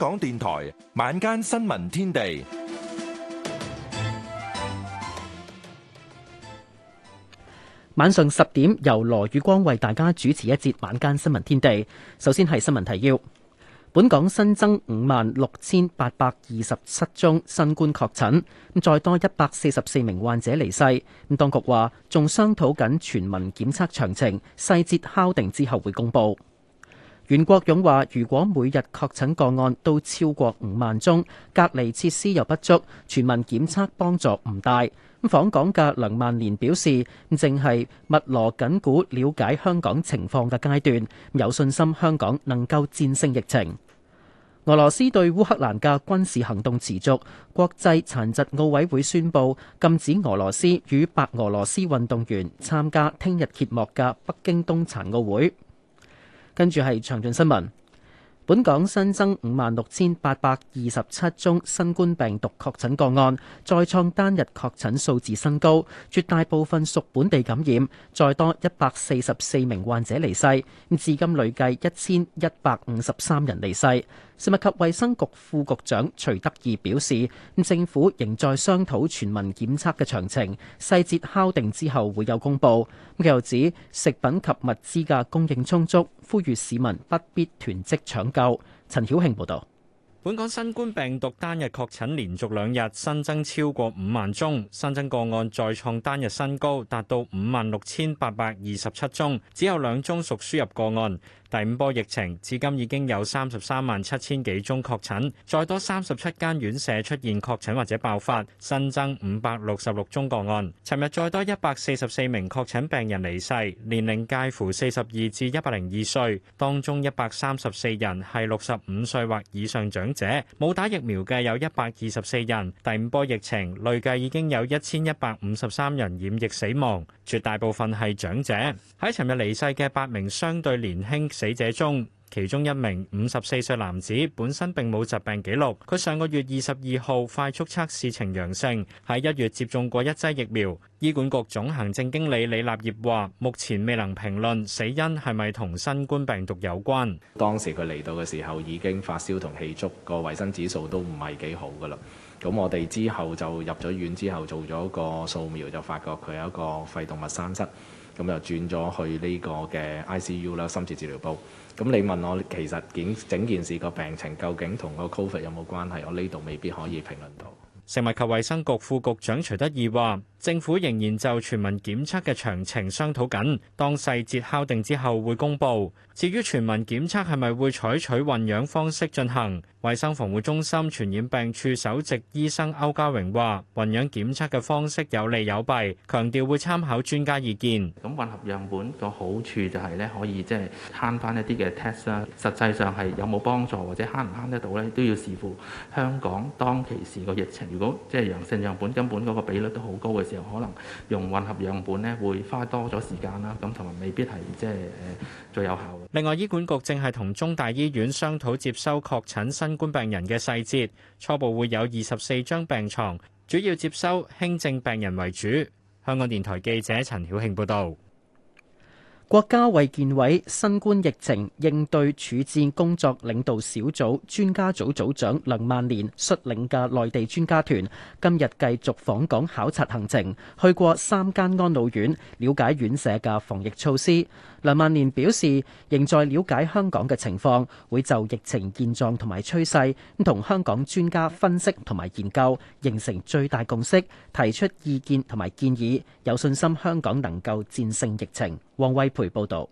港電台晚間新聞天地，晚上十點由羅宇光為大家主持一節晚間新聞天地。首先係新聞提要：本港新增五萬六千八百二十七宗新冠確診，咁再多一百四十四名患者離世。咁當局話仲商討緊全民檢測詳情，細節敲定之後會公布。袁國勇話：如果每日確診個案都超過五萬宗，隔離設施又不足，全民檢測幫助唔大。咁訪港嘅梁萬年表示，正係密鑼緊鼓了解香港情況嘅階段，有信心香港能夠戰勝疫情。俄羅斯對烏克蘭嘅軍事行動持續，國際殘疾奧委會宣布禁止俄羅斯與白俄羅斯運動員參加聽日揭幕嘅北京冬殘奧會。跟住係詳盡新聞，本港新增五萬六千八百二十七宗新冠病毒確診個案，再創單日確診數字新高，絕大部分屬本地感染，再多一百四十四名患者離世，至今累計一千一百五十三人離世。食物及衛生局副局長徐德義表示，政府仍在商討全民檢測嘅詳情，細節敲定之後會有公佈。佢又指，食品及物資嘅供應充足，呼籲市民不必囤積搶購。陳曉慶報道，本港新冠病毒單日確診連續兩日新增超過五萬宗，新增個案再創單日新高，達到五萬六千八百二十七宗，只有兩宗屬輸入個案。第五波疫情至今已經有三十三萬七千幾宗確診，再多三十七間院舍出現確診或者爆發，新增五百六十六宗個案。尋日再多一百四十四名確診病人離世，年齡介乎四十二至一百零二歲，當中一百三十四人係六十五歲或以上長者，冇打疫苗嘅有一百二十四人。第五波疫情累計已經有一千一百五十三人染疫死亡，絕大部分係長者。喺尋日離世嘅八名相對年輕。死者中，其中一名五十四歲男子本身並冇疾病記錄，佢上個月二十二號快速測試呈陽性，喺一月接種過一劑疫苗。醫管局總行政經理李立業話目前未能評論死因係咪同新冠病毒有關，當時佢嚟到嘅時候已經發燒同氣促個衛生指數都唔係幾好噶啦。咁我哋之後就入咗院之後做咗個掃描，就發覺佢有一個肺動脈栓塞。咁又轉咗去呢個嘅 ICU 啦，深切治療部。咁你問我，其實件整件事個病情究竟同個 Covid 有冇關係？我呢度未必可以評論到。食物及衛生局副局長徐德義話。政府仍然就全民檢測嘅詳情商討緊，當細節敲定之後會公布。至於全民檢測係咪會採取混樣方式進行，衛生防護中心傳染病處首席醫生歐家榮話混樣檢測嘅方式有利有弊，強調會參考專家意見，咁混合樣本個好處就係咧，可以即係慳翻一啲嘅 test 啦。實際上係有冇幫助或者慳唔慳得到咧，都要視乎香港當其時個疫情。如果即係陽性樣本根本嗰個比率都好高嘅。就可能用混合樣本呢，會花多咗時間啦，咁同埋未必係即係最有效。另外，醫管局正係同中大醫院商討接收確診新冠病人嘅細節，初步會有二十四張病床，主要接收輕症病人為主。香港電台記者陳曉慶報道。國家衛健委新冠疫情應對處置工作領導小組專家組組長梁萬年率領嘅內地專家團今日繼續訪港考察行程，去過三間安老院，了解院舍嘅防疫措施。梁萬年表示，仍在了解香港嘅情況，會就疫情現狀同埋趨勢同香港專家分析同埋研究，形成最大共識，提出意見同埋建議，有信心香港能夠戰勝疫情。王威培報道。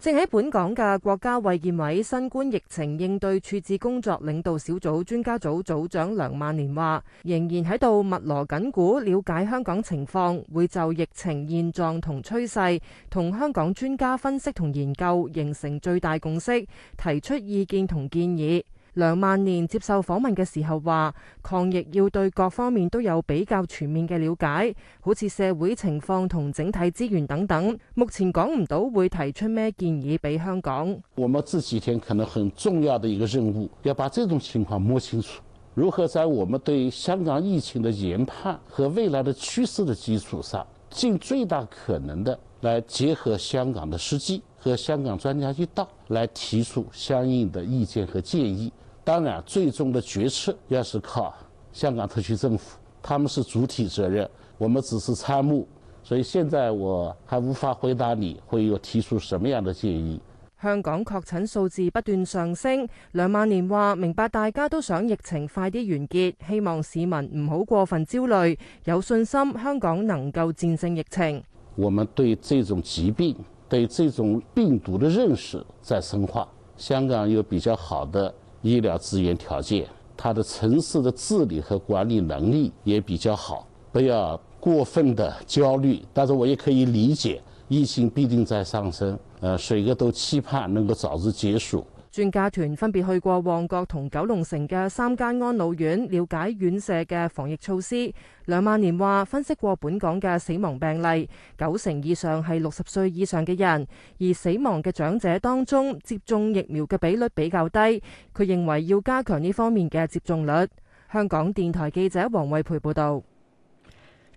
正喺本港嘅國家衛健委新冠疫情應對處置工作領導小組專家組組長梁萬年話，仍然喺度密鑼緊鼓了解香港情況，會就疫情現狀同趨勢同香港專家分析同研究，形成最大共識，提出意見同建議。梁萬年接受訪問嘅時候話：抗疫要對各方面都有比較全面嘅了解，好似社會情況同整體資源等等。目前講唔到會提出咩建議俾香港。我們這幾天可能很重要的一個任務，要把這種情況摸清楚，如何在我們對香港疫情的研判和未來的趨勢的基礎上，盡最大可能的來結合香港的實際和香港專家一道，來提出相應的意見和建議。當然，最終的決策要是靠香港特區政府，他們是主體責任，我們只是參謀。所以現在我還無法回答你會有提出什麼樣的建議。香港確診數字不斷上升，梁萬年話明白大家都想疫情快啲完結，希望市民唔好過分焦慮，有信心香港能夠戰勝疫情。我們對這種疾病，對這種病毒的認識在深化，香港有比較好的。醫療資源條件，它的城市的治理和管理能力也比較好，不要過分的焦慮。但是我也可以理解，疫情必定在上升，呃，誰個都期盼能夠早日結束。專家團分別去過旺角同九龍城嘅三間安老院，了解院舍嘅防疫措施。梁萬年話，分析過本港嘅死亡病例，九成以上係六十歲以上嘅人，而死亡嘅長者當中接種疫苗嘅比率比較低。佢認為要加強呢方面嘅接種率。香港電台記者黃慧培報道。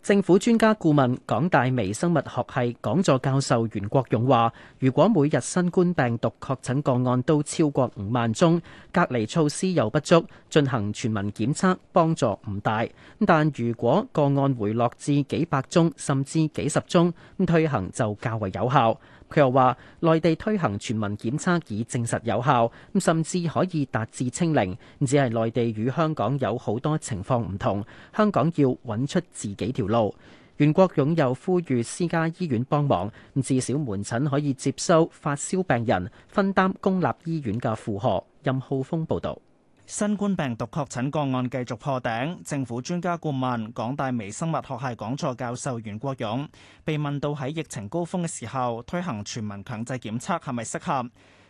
政府專家顧問港大微生物學系講座教授袁國勇話，如果每日新冠病毒確診個案都超過五萬宗，隔離措施又不足，進行全民檢測幫助唔大。但如果個案回落至幾百宗，甚至幾十宗，咁推行就較為有效。佢又話：內地推行全民檢測已證實有效，咁甚至可以達至清零。只係內地與香港有好多情況唔同，香港要揾出自己條路。袁國勇又呼籲私家醫院幫忙，至少門診可以接收發燒病人，分擔公立醫院嘅負荷。任浩峰報導。新冠病毒確診個案繼續破頂，政府專家顧問、港大微生物學系講座教授袁國勇被問到喺疫情高峰嘅時候推行全民強制檢測係咪適合？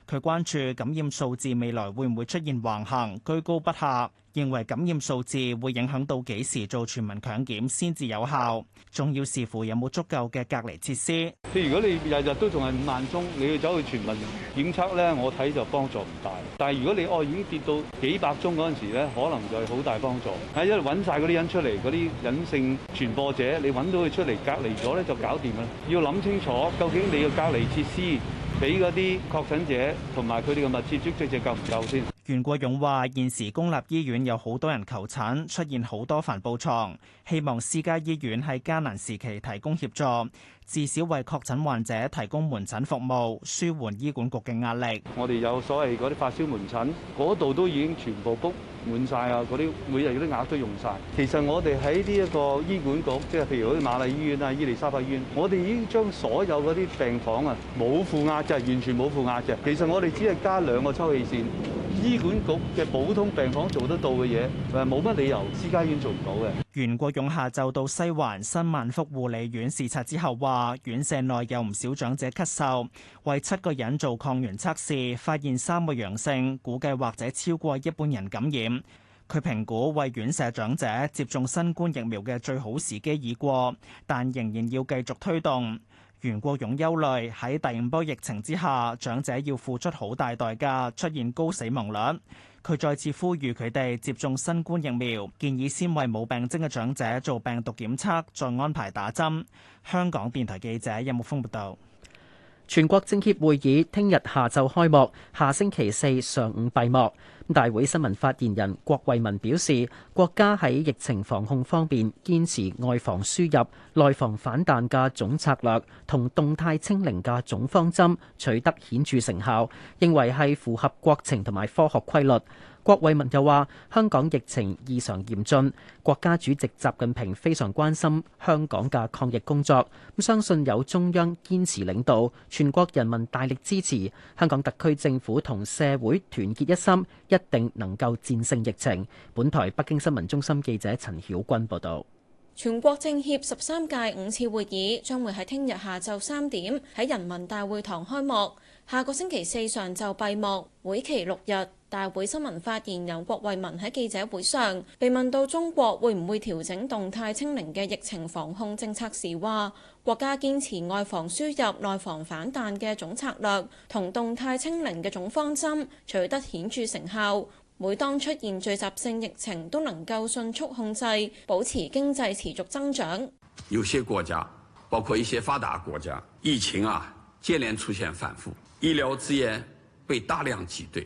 佢關注感染數字未來會唔會出現橫行，居高不下，認為感染數字會影響到幾時做全民強檢先至有效，仲要視乎有冇足夠嘅隔離設施。你如，如果你日日都仲係五萬宗，你要走去全民檢測咧，我睇就幫助唔大。但係如果你哦已經跌到幾百宗嗰陣時咧，可能就係好大幫助，喺一路揾晒嗰啲人出嚟，嗰啲隱性傳播者，你揾到佢出嚟隔離咗咧就搞掂啦。要諗清楚究竟你要隔離設施。俾嗰啲確診者同埋佢哋嘅密切接觸者夠唔夠先？袁國勇話：現時公立醫院有好多人求診，出現好多帆布床，希望私家醫院喺艱難時期提供協助，至少為確診患者提供門診服務，舒緩醫管局嘅壓力。我哋有所謂嗰啲發燒門診，嗰度都已經全部 book 滿晒啊！嗰啲每日啲額都用晒。其實我哋喺呢一個醫管局，即係譬如嗰啲瑪麗醫院啊、伊利沙伯醫院，我哋已經將所有嗰啲病房啊冇負壓，就係完全冇負壓嘅。其實我哋只係加兩個抽氣扇。醫管局嘅普通病房做得到嘅嘢，冇乜理由私家醫院做唔到嘅。袁國勇下晝到西環新萬福護理院視察之後，話院舍內有唔少長者咳嗽，為七個人做抗原測試，發現三個陽性，估計或者超過一半人感染。佢評估為院舍長者接種新冠疫苗嘅最好時機已過，但仍然要繼續推動。袁國勇憂慮，喺第五波疫情之下，長者要付出好大代價，出現高死亡率。佢再次呼籲佢哋接種新冠疫苗，建議先為冇病徵嘅長者做病毒檢測，再安排打針。香港電台記者任木峰報道。全國政協會議聽日下晝開幕，下星期四上午閉幕。大會新聞發言人郭惠文表示，國家喺疫情防控方面堅持外防輸入、內防反彈嘅總策略同動態清零嘅總方針，取得顯著成效，認為係符合國情同埋科學規律。郭衛民又話：香港疫情異常嚴峻，國家主席習近平非常關心香港嘅抗疫工作。相信有中央堅持領導，全國人民大力支持，香港特區政府同社會團結一心，一定能夠戰勝疫情。本台北京新聞中心記者陳曉君報道。全國政協十三屆五次會議將會喺聽日下晝三點喺人民大會堂開幕，下個星期四上晝閉幕，會期六日。大會新聞發言人郭衛民喺記者會上被問到中國會唔會調整動態清零嘅疫情防控政策時，話國家堅持外防輸入、內防反彈嘅總策略同動態清零嘅總方針，取得顯著成效。每當出現聚集性疫情，都能夠迅速控制，保持經濟持續增長。有些國家，包括一些發達國家，疫情啊接連出現反覆，醫療資源被大量擠兌。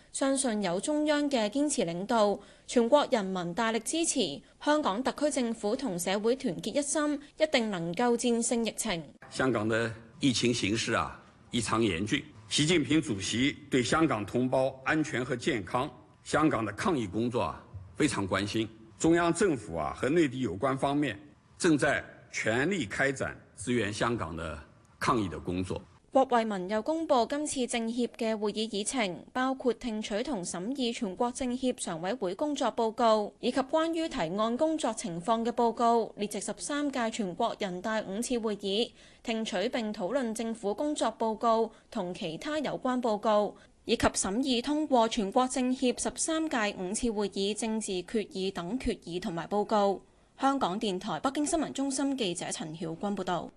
相信有中央嘅堅持領導，全國人民大力支持，香港特區政府同社會團結一心，一定能夠戰勝疫情。香港的疫情形勢啊，異常嚴峻。習近平主席對香港同胞安全和健康、香港的抗疫工作啊，非常關心。中央政府啊，和內地有關方面正在全力開展支援香港的抗疫的工作。郭衛民又公布今次政協嘅會議議程，包括聽取同審議全國政協常委會工作報告以及關於提案工作情況嘅報告，列席十三屆全國人大五次會議，聽取並討論政府工作報告同其他有關報告，以及審議通過全國政協十三屆五次會議政治決議等決議同埋報告。香港電台北京新聞中心記者陳曉君報導。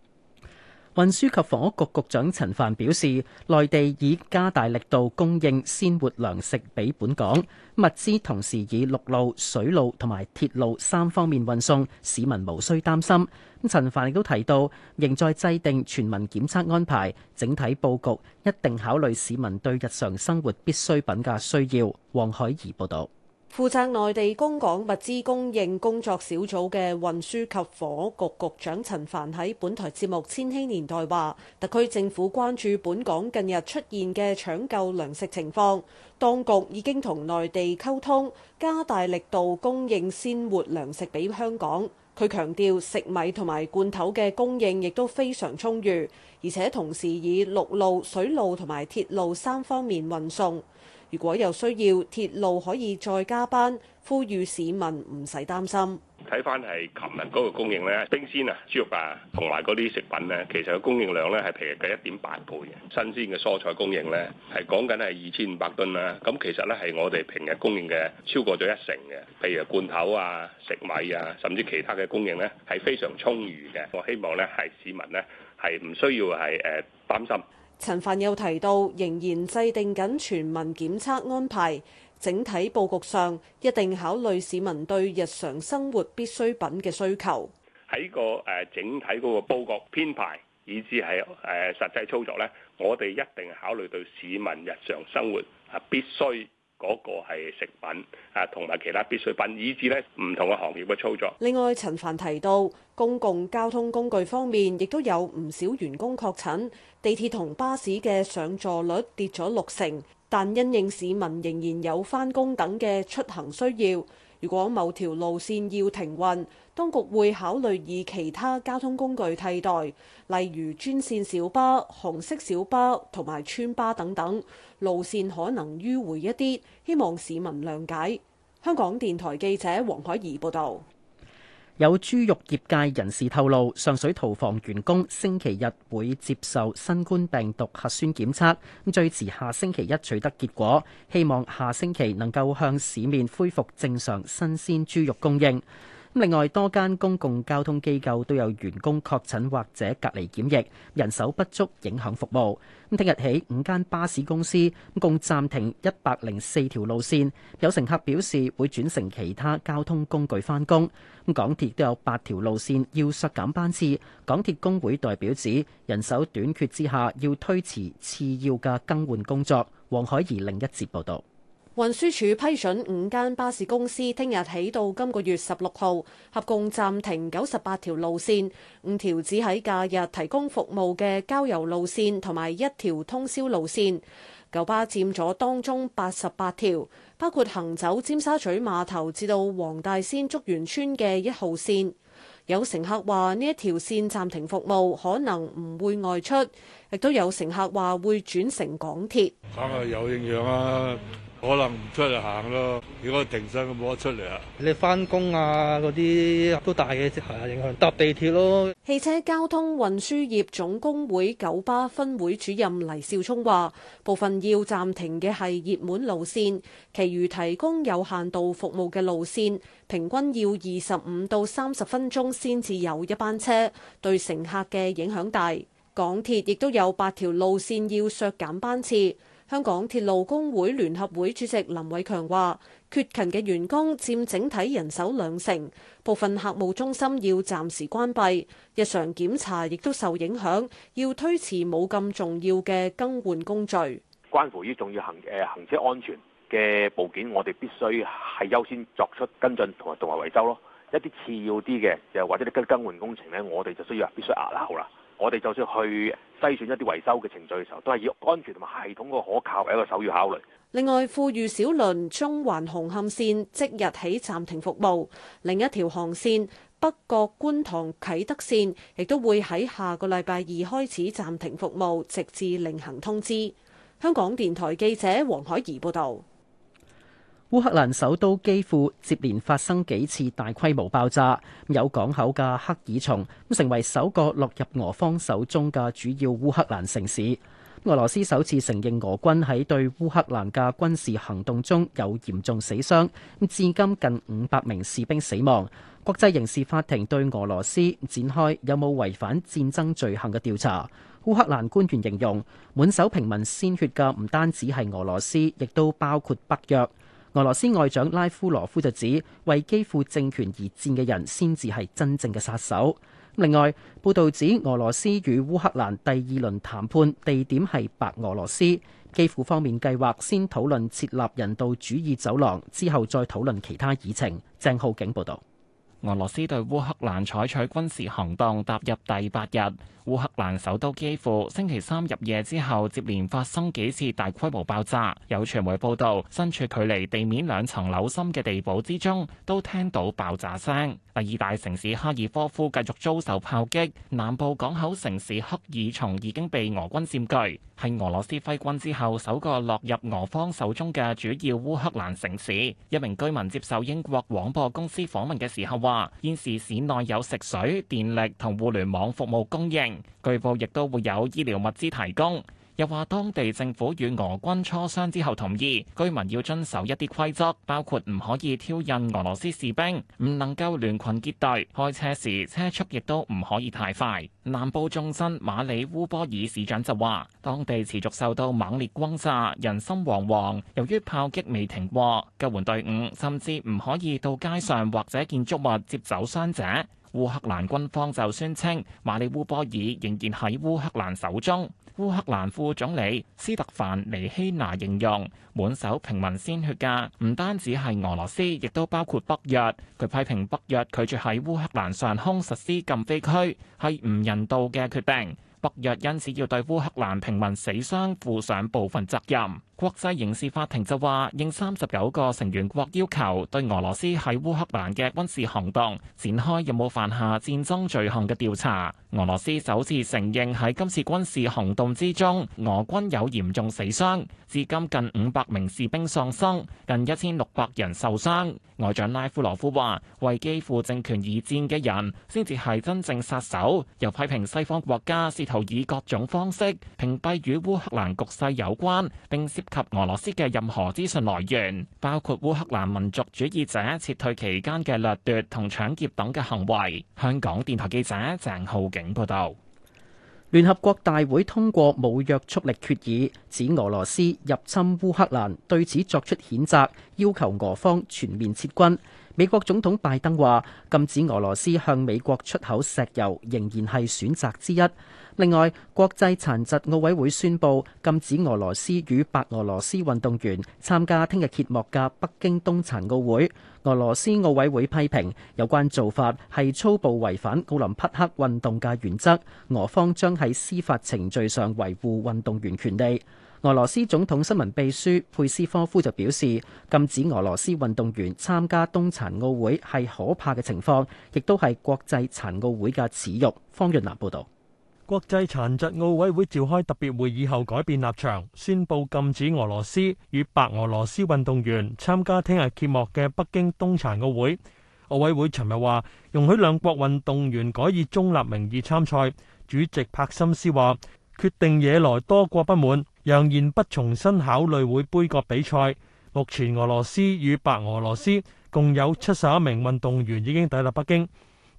運輸及房屋局局長陳帆表示,內地已加大力度供應鮮活糧食俾本港,物資同時以陸路、水路同埋鐵路三方面運送,市民無需擔心。陳帆亦都提到,仍在制定全民檢測安排,整體佈局,一定考慮市民對日常生活必需品嘅需要,黃海怡報道。負責內地供港物資供應工作小組嘅運輸及火局局長陳帆喺本台節目《千禧年代》話，特區政府關注本港近日出現嘅搶購糧食情況，當局已經同內地溝通，加大力度供應鮮活糧食俾香港。佢強調，食米同埋罐頭嘅供應亦都非常充裕，而且同時以陸路、水路同埋鐵路三方面運送。如果有需要，鐵路可以再加班，呼籲市民唔使擔心。睇返係琴日嗰個供應咧，冰鮮啊、豬肉啊，同埋嗰啲食品咧，其實嘅供應量咧係平日嘅一點八倍。新鮮嘅蔬菜供應咧，係講緊係二千五百噸啦。咁其實咧係我哋平日供應嘅超過咗一成嘅。譬如罐頭啊、食米啊，甚至其他嘅供應咧係非常充裕嘅。我希望咧係市民咧係唔需要係誒擔心。陳凡又提到仍然制定緊全民檢測安排，整體佈局上一定考慮市民對日常生活必需品嘅需求。喺個整體佈局編排，以至係實際操作呢，我哋一定考慮到市民日常生活必須。嗰個係食品啊，同埋其他必需品，以至呢唔同嘅行業嘅操作。另外，陳帆提到公共交通工具方面亦都有唔少員工確診，地鐵同巴士嘅上座率跌咗六成，但因應市民仍然有返工等嘅出行需要，如果某條路線要停運。當局會考慮以其他交通工具替代，例如專線小巴、紅色小巴同埋村巴等等，路線可能迂回一啲，希望市民諒解。香港電台記者黃海怡報導。有豬肉業界人士透露，上水屠房員工星期日會接受新冠病毒核酸檢測，最遲下星期一取得結果，希望下星期能夠向市面恢復正常新鮮豬肉供應。另外多間公共交通機構都有員工確診或者隔離檢疫，人手不足影響服務。咁聽日起五間巴士公司共暫停一百零四條路線，有乘客表示會轉乘其他交通工具返工。咁港鐵都有八條路線要縮減班次，港鐵工會代表指人手短缺之下要推遲次要嘅更換工作。黃海怡另一節報導。運輸署批准五間巴士公司，聽日起到今個月十六號合共暫停九十八條路線，五條只喺假日提供服務嘅郊遊路線，同埋一條通宵路線。九巴佔咗當中八十八條，包括行走尖沙咀碼頭至到黃大仙竹園村嘅一號線。有乘客話呢一條線暫停服務，可能唔會外出，亦都有乘客話會轉乘港鐵。梗係有營養啦～可能唔出嚟行咯，如果停晒咁冇得出嚟啊！你翻工啊，嗰啲都大嘅係影響，搭地鐵咯。汽車交通運輸業總工會九巴分會主任黎少聰話，部分要暫停嘅係熱門路線，其餘提供有限度服務嘅路線，平均要二十五到三十分鐘先至有一班車，對乘客嘅影響大。港鐵亦都有八條路線要削減班次。香港鐵路工會聯合會主席林偉強話：缺勤嘅員工占整體人手兩成，部分客務中心要暫時關閉，日常檢查亦都受影響，要推遲冇咁重要嘅更換工序。關乎於重要行誒行車安全嘅部件，我哋必須係優先作出跟進同埋同埋維修咯。一啲次要啲嘅，又或者你更更換工程呢，我哋就需要必須壓後啦。我哋就算去篩選一啲維修嘅程序嘅時候，都係以安全同埋系統個可靠為一個首要考慮。另外，富裕小輪中環紅磡線即日起暫停服務，另一條航線北角觀塘啟德線亦都會喺下個禮拜二開始暫停服務，直至另行通知。香港電台記者黃海怡報導。烏克蘭首都基輔接連發生幾次大規模爆炸，有港口嘅赫爾松成為首個落入俄方手中嘅主要烏克蘭城市。俄羅斯首次承認俄軍喺對烏克蘭嘅軍事行動中，有嚴重死傷，至今近五百名士兵死亡。國際刑事法庭對俄羅斯展開有冇違反戰爭罪行嘅調查。烏克蘭官員形容，滿手平民鮮血嘅唔單止係俄羅斯，亦都包括北約。俄羅斯外長拉夫羅夫就指，為基輔政權而戰嘅人先至係真正嘅殺手。另外，報道指俄羅斯與烏克蘭第二輪談判地點係白俄羅斯，基輔方面計劃先討論設立人道主義走廊，之後再討論其他議程。鄭浩景報導。俄羅斯對烏克蘭採取軍事行動踏入第八日，烏克蘭首都基輔星期三入夜之後接連發生幾次大規模爆炸，有傳媒報道身處距離地面兩層樓深嘅地堡之中都聽到爆炸聲。第二大城市哈爾科夫繼續遭受炮擊，南部港口城市赫爾松已經被俄軍占據，係俄羅斯揮軍之後首個落入俄方手中嘅主要烏克蘭城市。一名居民接受英國廣播公司訪問嘅時候話：現時市內有食水、電力同互聯網服務供應，據報亦都會有醫療物資提供。又話，當地政府與俄軍磋商之後同意，居民要遵守一啲規則，包括唔可以挑釁俄羅斯士兵，唔能夠聯群結隊，開車時車速亦都唔可以太快。南部重鎮馬里烏波爾市長就話，當地持續受到猛烈轟炸，人心惶惶。由於炮擊未停過，救援隊伍甚至唔可以到街上或者建築物接走傷者。烏克蘭軍方就宣稱，馬里烏波爾仍然喺烏克蘭手中。烏克蘭副總理斯特凡尼希娜形容：滿手平民鮮血嘅，唔單止係俄羅斯，亦都包括北約。佢批評北約拒絕喺烏克蘭上空實施禁飛區，係唔人道嘅決定。北約因此要對烏克蘭平民死傷負上部分責任。國際刑事法庭就話應三十九個成員國要求，對俄羅斯喺烏克蘭嘅軍事行動展開有冇犯下戰爭罪行嘅調查。俄羅斯首次承認喺今次軍事行動之中，俄軍有嚴重死傷，至今近五百名士兵喪生，近一千六百人受傷。外長拉夫羅夫話：為基輔政權而戰嘅人，先至係真正殺手。又批評西方國家試圖以各種方式屏蔽與烏克蘭局勢有關並涉及俄羅斯嘅任何資訊來源，包括烏克蘭民族主義者撤退期間嘅掠奪同搶劫等嘅行為。香港電台記者鄭浩景報道，聯合國大會通過冇約束力決議，指俄羅斯入侵烏克蘭，對此作出譴責，要求俄方全面撤軍。美國總統拜登話：禁止俄羅斯向美國出口石油，仍然係選擇之一。另外，國際殘疾奧委會宣布禁止俄羅斯與白俄羅斯運動員參加聽日揭幕嘅北京冬殘奧會。俄羅斯奧委會批評有關做法係粗暴違反奧林匹克運動嘅原則。俄方將喺司法程序上維護運動員權利。俄羅斯總統新聞秘書佩斯科夫就表示，禁止俄羅斯運動員參加冬殘奧會係可怕嘅情況，亦都係國際殘奧會嘅恥辱。方潤南報導。國際殘疾奧委會召開特別會議後改變立場，宣布禁止俄羅斯與白俄羅斯運動員參加聽日揭幕嘅北京冬殘奧會。奧委會尋日話，容許兩國運動員改以中立名義參賽。主席柏森斯話，決定惹來多國不滿，揚言不重新考慮會杯葛比賽。目前俄羅斯與白俄羅斯共有七十一名運動員已經抵達北京。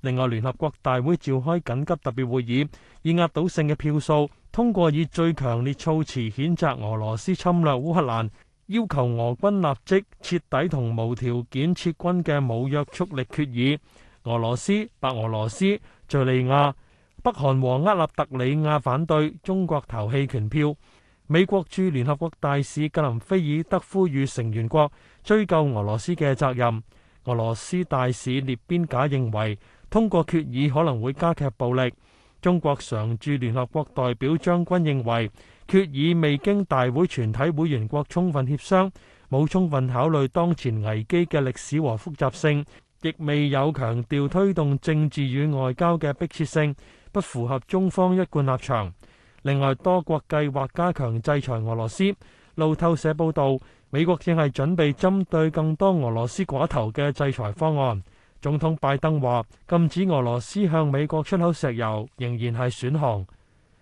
另外，聯合國大會召開緊急特別會議，以壓倒性嘅票數通過以最強烈措辭譴責俄羅斯侵略烏克蘭，要求俄軍立即徹底同無條件撤軍嘅無約束力決議。俄羅斯、白俄羅斯、敘利亞、北韓和厄立特里亞反對，中國投棄權票。美國駐聯合國大使格林菲爾德呼籲成員國追究俄羅斯嘅責任。俄羅斯大使列邊賈認為，通過決議可能會加劇暴力。中國常駐聯合國代表張軍認為，決議未經大會全體會員國充分協商，冇充分考慮當前危機嘅歷史和複雜性，亦未有強調推動政治與外交嘅迫切性，不符合中方一貫立場。另外，多國計劃加強制裁俄羅斯。路透社報道，美國正係準備針對更多俄羅斯寡頭嘅制裁方案。總統拜登話，禁止俄羅斯向美國出口石油仍然係選項。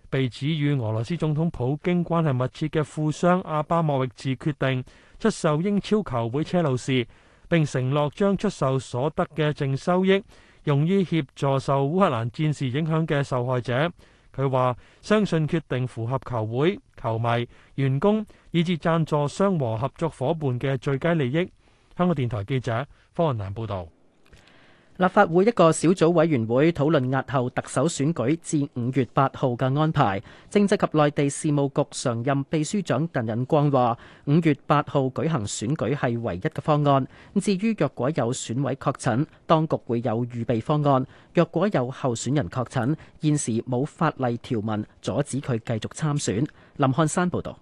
被指與俄羅斯總統普京關係密切嘅富商阿巴莫域治決定出售英超球會車路士，並承諾將出售所得嘅淨收益用於協助受烏克蘭戰事影響嘅受害者。佢話相信決定符合球會、球迷、員工以至讚助商和合作伙伴嘅最佳利益。香港電台記者方云南報道。立法會一個小組委員會討論押後特首選舉至五月八號嘅安排。政制及內地事務局常任秘書長鄧忍光話：，五月八號舉行選舉係唯一嘅方案。至於若果有選委確診，當局會有預備方案。若果有候選人確診，現時冇法例條文阻止佢繼續參選。林漢山報道。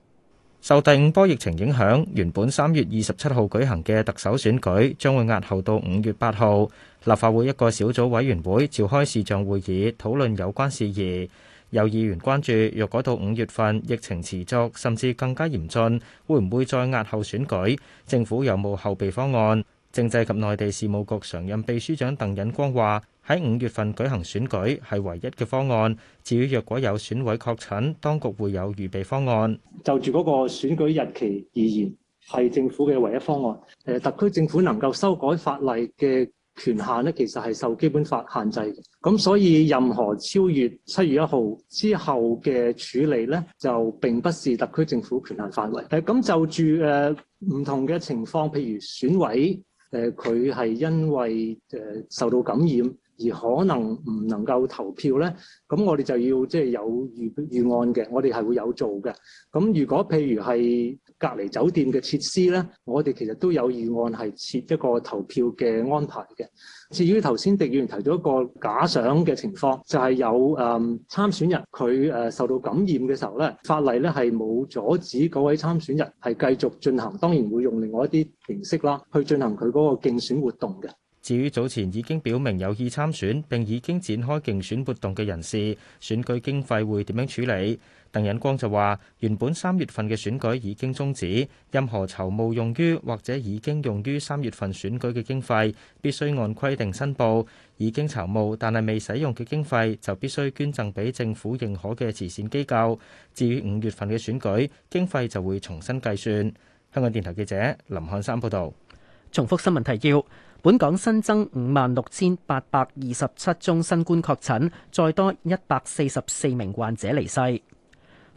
受第五波疫情影響，原本三月二十七號舉行嘅特首選舉將會押後到五月八號。立法會一個小組委員會召開視像會議，討論有關事宜。有議員關注，若果到五月份疫情持續甚至更加嚴峻，會唔會再押後選舉？政府有冇後備方案？政制及內地事務局常任秘書長鄧忍光話：喺五月份舉行選舉係唯一嘅方案。至於若果有選委確診，當局會有預備方案。就住嗰個選舉日期而言，係政府嘅唯一方案。誒，特區政府能夠修改法例嘅權限呢，其實係受基本法限制嘅。咁所以任何超越七月一號之後嘅處理呢，就並不是特區政府權限範圍。誒，咁就住誒唔同嘅情況，譬如選委誒佢係因為誒受到感染。而可能唔能夠投票咧，咁我哋就要即係有預預案嘅，我哋係會有做嘅。咁如果譬如係隔離酒店嘅設施咧，我哋其實都有預案係設一個投票嘅安排嘅。至於頭先狄議員提咗一個假想嘅情況，就係有誒參選人佢誒受到感染嘅時候咧，法例咧係冇阻止嗰位參選人係繼續進行，當然會用另外一啲形式啦，去進行佢嗰個競選活動嘅。至於早前已經表明有意參選並已經展開競選活動嘅人士，選舉經費會點樣處理？鄧忍光就話：原本三月份嘅選舉已經終止，任何籌募用於或者已經用於三月份選舉嘅經費必須按規定申報；已經籌募但係未使用嘅經費就必須捐贈俾政府認可嘅慈善機構。至於五月份嘅選舉經費就會重新計算。香港電台記者林漢山報道：「重複新聞提要。本港新增五萬六千八百二十七宗新冠確診，再多一百四十四名患者離世。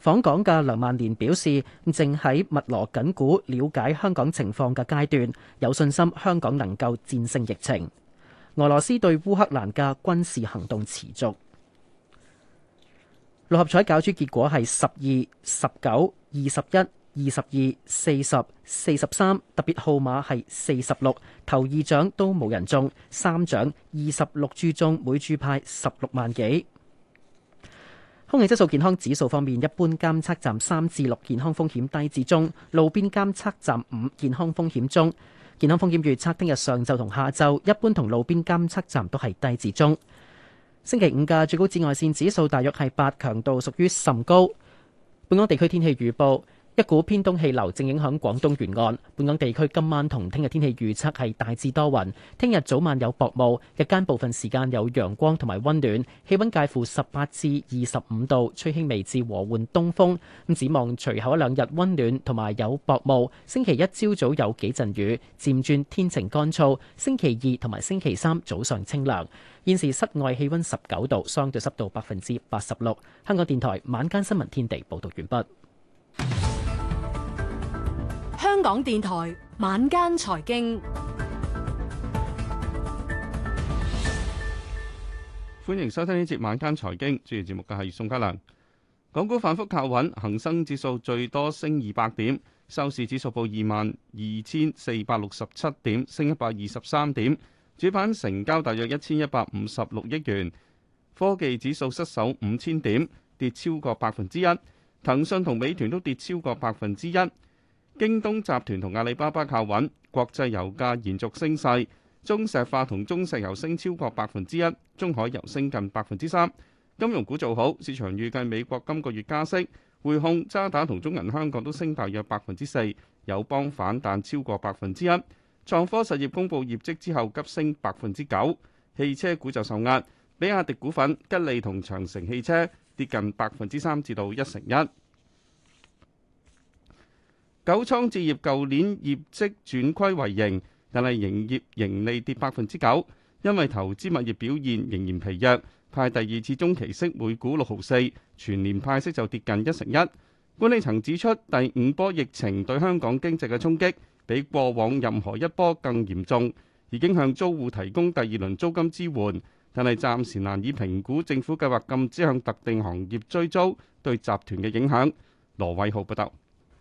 訪港嘅梁萬年表示，正喺密鑼緊鼓了解香港情況嘅階段，有信心香港能夠戰勝疫情。俄羅斯對烏克蘭嘅軍事行動持續。六合彩攪珠結果係十二十九二十一。二十二、四十四、十三，特別號碼係四十六。頭二獎都冇人中，三獎二十六注中，每注派十六萬幾。空氣質素健康指數方面，一般監測站三至六，健康風險低至中；路邊監測站五，健康風險中。健康風險預測聽日上晝同下晝，一般同路邊監測站都係低至中。星期五嘅最高紫外線指數大約係八，強度屬於甚高。本港地區天氣預報。一股偏東氣流正影響廣東沿岸，本港地區今晚同聽日天氣預測係大致多雲，聽日早晚有薄霧，日間部分時間有陽光同埋溫暖，氣溫介乎十八至二十五度，吹輕微至和緩東風。咁指望隨後兩日溫暖同埋有薄霧，星期一朝早早有幾陣雨，漸轉天晴乾燥。星期二同埋星期三早上清涼。現時室外氣溫十九度，相對濕度百分之八十六。香港電台晚間新聞天地報道完畢。港電台晚間財經，歡迎收聽呢節晚間財經。主持節目嘅係宋嘉良。港股反復靠穩，恒生指數最多升二百點，收市指數報二萬二千四百六十七點，升一百二十三點。主板成交大約一千一百五十六億元。科技指數失守五千點，跌超過百分之一。騰訊同美團都跌超過百分之一。京東集團同阿里巴巴靠穩，國際油價延續升勢，中石化同中石油升超過百分之一，中海油升近百分之三。金融股做好，市場預計美國今個月加息，匯控、渣打同中銀香港都升大約百分之四。友邦反彈超過百分之一，創科實業公布業績之後急升百分之九。汽車股就受壓，比亞迪股份、吉利同長城汽車跌近百分之三至到一成一。九倉置業舊年業績轉虧為盈，但係營業盈利跌百分之九，因為投資物業表現仍然疲弱。派第二次中期息每股六毫四，全年派息就跌近一成一。管理層指出，第五波疫情對香港經濟嘅衝擊比過往任何一波更嚴重，已經向租戶提供第二輪租金支援，但係暫時難以評估政府計劃禁止向特定行業追租對集團嘅影響。羅偉浩報道。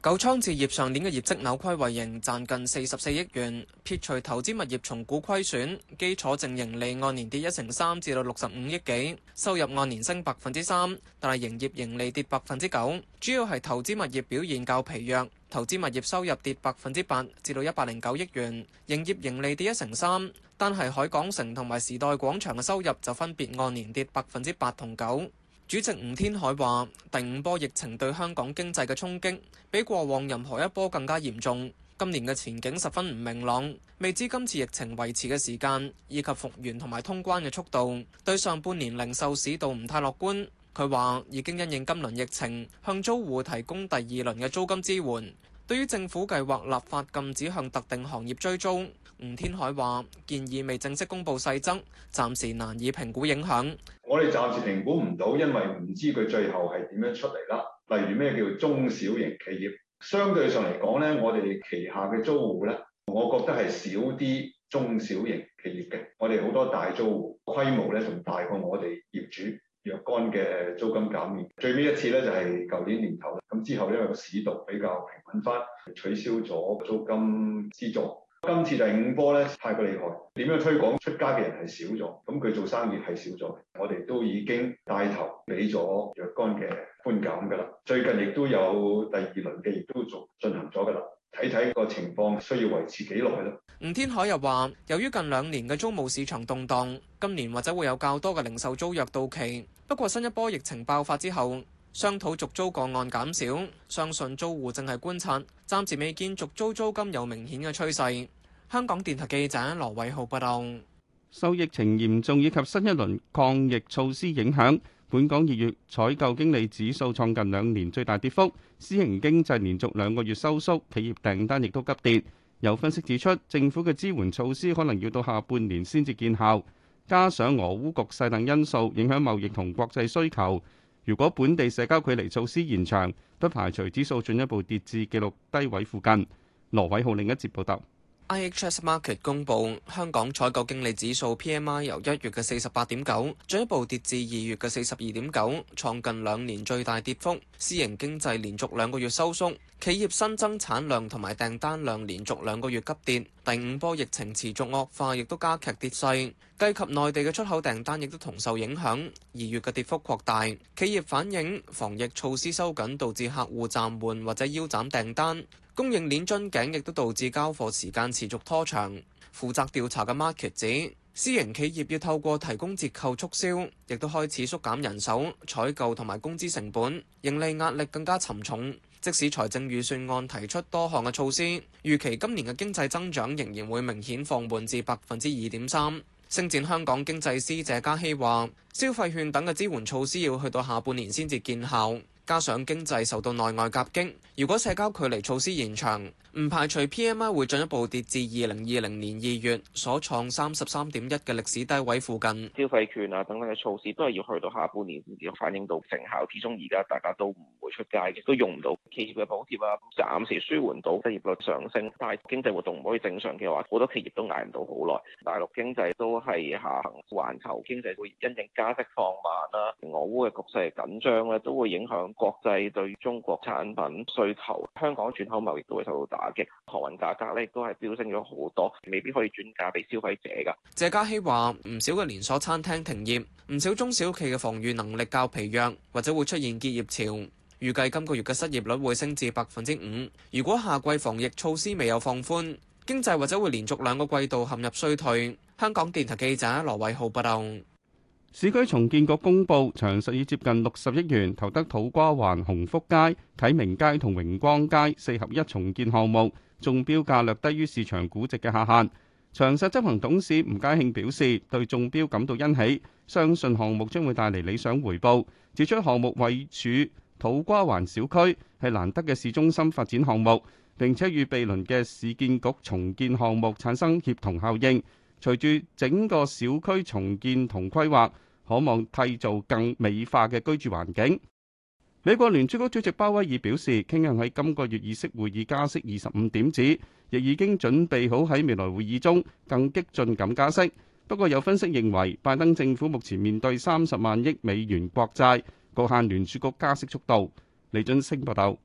九倉置業上年嘅業績扭虧為盈，賺近四十四億元。撇除投資物業重估虧損，基礎淨盈利按年跌一成三，至到六十五億幾。收入按年升百分之三，但係營業盈利跌百分之九，主要係投資物業表現較疲弱。投資物業收入跌百分之八，至到一百零九億元，營業盈利跌一成三。單係海港城同埋時代廣場嘅收入就分別按年跌百分之八同九。主席吳天海話：第五波疫情對香港經濟嘅衝擊比過往任何一波更加嚴重，今年嘅前景十分唔明朗，未知今次疫情維持嘅時間以及復原同埋通關嘅速度，對上半年零售市道唔太樂觀。佢話已經因應今輪疫情，向租戶提供第二輪嘅租金支援。對於政府計劃立法禁止向特定行業追租。吳天海話：建議未正式公布細則，暫時難以評估影響。我哋暫時評估唔到，因為唔知佢最後係點樣出嚟啦。例如咩叫中小型企業？相對上嚟講咧，我哋旗下嘅租戶咧，我覺得係少啲中小型企業嘅。我哋好多大租戶規模咧，仲大過我哋業主若干嘅租金減免。最尾一次咧就係舊年年頭啦，咁之後因為個市道比較平穩翻，取消咗租金資助。今次第五波呢太過厲害，點樣推廣出街嘅人係少咗，咁佢做生意係少咗。我哋都已經帶頭俾咗若干嘅寬減噶啦。最近亦都有第二輪嘅，亦都做進行咗噶啦。睇睇個情況需要維持幾耐呢？吳天海又話，由於近兩年嘅租務市場動盪，今年或者會有較多嘅零售租約到期。不過新一波疫情爆發之後。商討續租個案減少，相信租戶正係觀察，暫時未見續租租金有明顯嘅趨勢。香港電台記者羅偉浩報道。受疫情嚴重以及新一輪抗疫措施影響，本港二月採購經理指數創近兩年最大跌幅，私營經濟連續兩個月收縮，企業訂單亦都急跌。有分析指出，政府嘅支援措施可能要到下半年先至見效，加上俄烏局勢等因素影響貿易同國際需求。如果本地社交距離措施延長，不排除指數進一步跌至紀錄低位附近。羅偉浩另一節報道，IHS Markit 公佈香港採購經理指數 PMI 由一月嘅四十八點九進一步跌至二月嘅四十二點九，創近兩年最大跌幅。私營經濟連續兩個月收縮，企業新增產量同埋訂單量連續兩個月急跌。第五波疫情持續惡化，亦都加劇跌勢。計及內地嘅出口訂單，亦都同受影響。二月嘅跌幅擴大，企業反映防疫措施收緊，導致客戶暫緩或者腰斬訂單。供應鏈樽頸亦都導致交貨時間持續拖長。負責調查嘅 market 指，私營企業要透過提供折扣促銷，亦都開始縮減人手、採購同埋工資成本，盈利壓力更加沉重。即使財政預算案提出多項嘅措施，預期今年嘅經濟增長仍然會明顯放緩至百分之二點三。星展香港經濟師謝嘉希話：消費券等嘅支援措施要去到下半年先至見效，加上經濟受到內外夾擊，如果社交距離措施延長，唔排除 PMI 會進一步跌至二零二零年二月所創三十三點一嘅歷史低位附近。消費券啊等等嘅措施都係要去到下半年先至反映到成效。始終而家大家都唔會出街亦都用唔到企業嘅補貼啊，暫時舒緩到失業率上升。但係經濟活動唔可以正常嘅話，好多企業都捱唔到好耐。大陸經濟都係下行，環球經濟會因應加息放慢啦，俄烏嘅局勢緊張咧都會影響國際對中國產品需求，香港轉口貿易都會受到打。嘅航運價格咧都係飆升咗好多，未必可以轉嫁俾消費者㗎。謝嘉熙話：唔少嘅連鎖餐廳停業，唔少中小企嘅防禦能力較疲弱，或者會出現結業潮。預計今個月嘅失業率會升至百分之五。如果夏季防疫措施未有放寬，經濟或者會連續兩個季度陷入衰退。香港電台記者羅偉浩報道。市區重建局公布，長實以接近六十億元投得土瓜灣、鴻福街、啟明街同榮光街四合一重建項目，中標價略低於市場估值嘅下限。長實執行董事吳佳慶表示，對中標感到欣喜，相信項目將會帶嚟理想回報。指出項目位處土瓜灣小區，係難得嘅市中心發展項目，並且與毗鄰嘅市建局重建項目產生協同效應。隨住整個小區重建同規劃，可望締造更美化嘅居住環境。美國聯儲局主席鮑威爾表示，傾向喺今個月議息會議加息二十五點子，亦已經準備好喺未來會議中更激進咁加息。不過有分析認為，拜登政府目前面對三十萬億美元國債，局限聯儲局加息速度。李津升報道。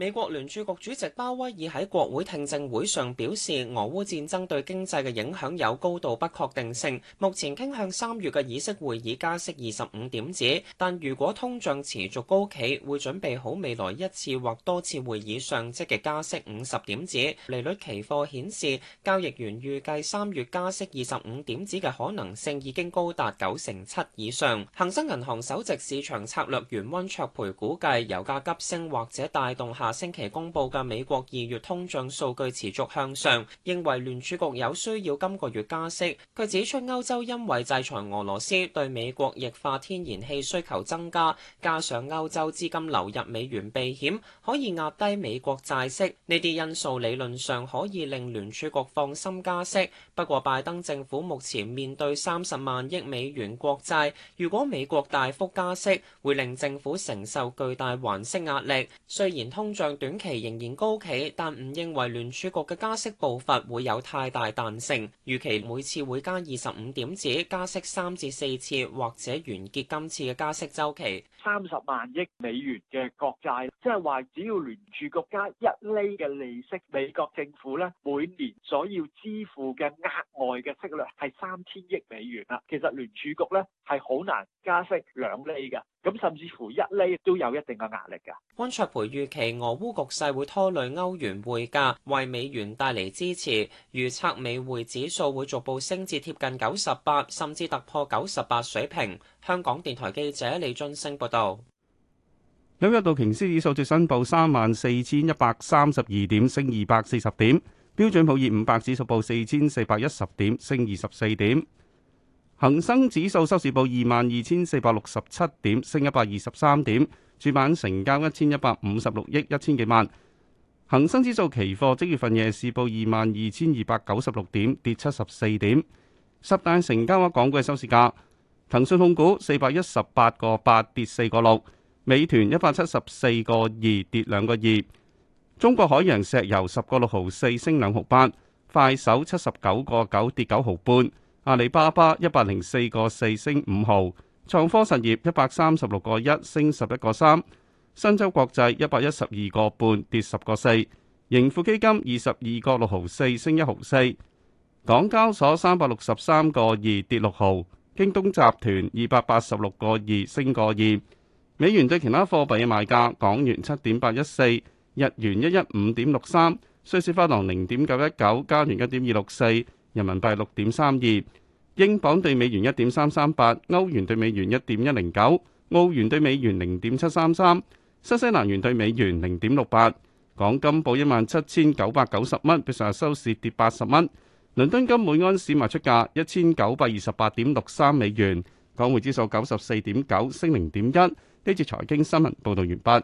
美國聯儲局主席鮑威爾喺國會聽證會上表示，俄烏戰爭對經濟嘅影響有高度不確定性，目前傾向三月嘅議息會議加息二十五點子，但如果通脹持續高企，會準備好未來一次或多次會議上積極加息五十點子。利率期貨顯示，交易員預計三月加息二十五點子嘅可能性已經高達九成七以上。恒生銀行首席市場策略員溫卓培估計，油價急升或者帶動下。星期公布嘅美國二月通脹數據持續向上，認為聯儲局有需要今個月加息。佢指出，歐洲因為制裁俄羅斯，對美國液化天然氣需求增加，加上歐洲資金流入美元避險，可以壓低美國債息。呢啲因素理論上可以令聯儲局放心加息。不過，拜登政府目前面對三十萬億美元國債，如果美國大幅加息，會令政府承受巨大還息壓力。雖然通脹。上短期仍然高企，但唔認為聯儲局嘅加息步伐會有太大彈性。預期每次會加二十五點子，加息三至四次或者完結今次嘅加息週期。三十萬億美元嘅國債，即係話只要聯儲局加一厘嘅利息，美國政府咧每年所要支付嘅額外嘅息率係三千億美元啦。其實聯儲局咧係好難加息兩厘㗎，咁甚至乎一厘都有一定嘅壓力㗎。安卓培預期。俄烏局勢會拖累歐元匯價，為美元帶嚟支持。預測美匯指數會逐步升至貼近九十八，甚至突破九十八水平。香港電台記者李晉升報道：紐約道瓊斯指數最新報三萬四千一百三十二點，升二百四十點；標準普爾五百指數報四千四百一十點，升二十四點；恒生指數收市報二萬二千四百六十七點，升一百二十三點。主板成交一千一百五十六億一千幾萬，恒生指數期貨即月份夜市報二萬二千二百九十六點，跌七十四點。十大成交額港股嘅收市價：騰訊控股四百一十八個八跌四個六，美團一百七十四個二跌兩個二，中國海洋石油十個六毫四升兩毫八，快手七十九個九跌九毫半，阿里巴巴一百零四個四升五毫。創科實業一百三十六個一升十一個三，新洲國際一百一十二個半跌十個四，盈富基金二十二個六毫四升一毫四，港交所三百六十三個二跌六毫，京東集團二百八十六個二升個二，美元對其他貨幣嘅賣價：港元七點八一四，日元一一五點六三，瑞士法郎零點九一九，加元一點二六四，人民幣六點三二。英鎊兌美元一點三三八，歐元兌美元一點一零九，澳元兌美元零點七三三，新西蘭元兌美元零點六八。港金報一萬七千九百九十蚊，比上日收市跌八十蚊。倫敦金每安士賣出價一千九百二十八點六三美元。港匯指數九十四點九升零點一。呢次財經新聞報道完畢。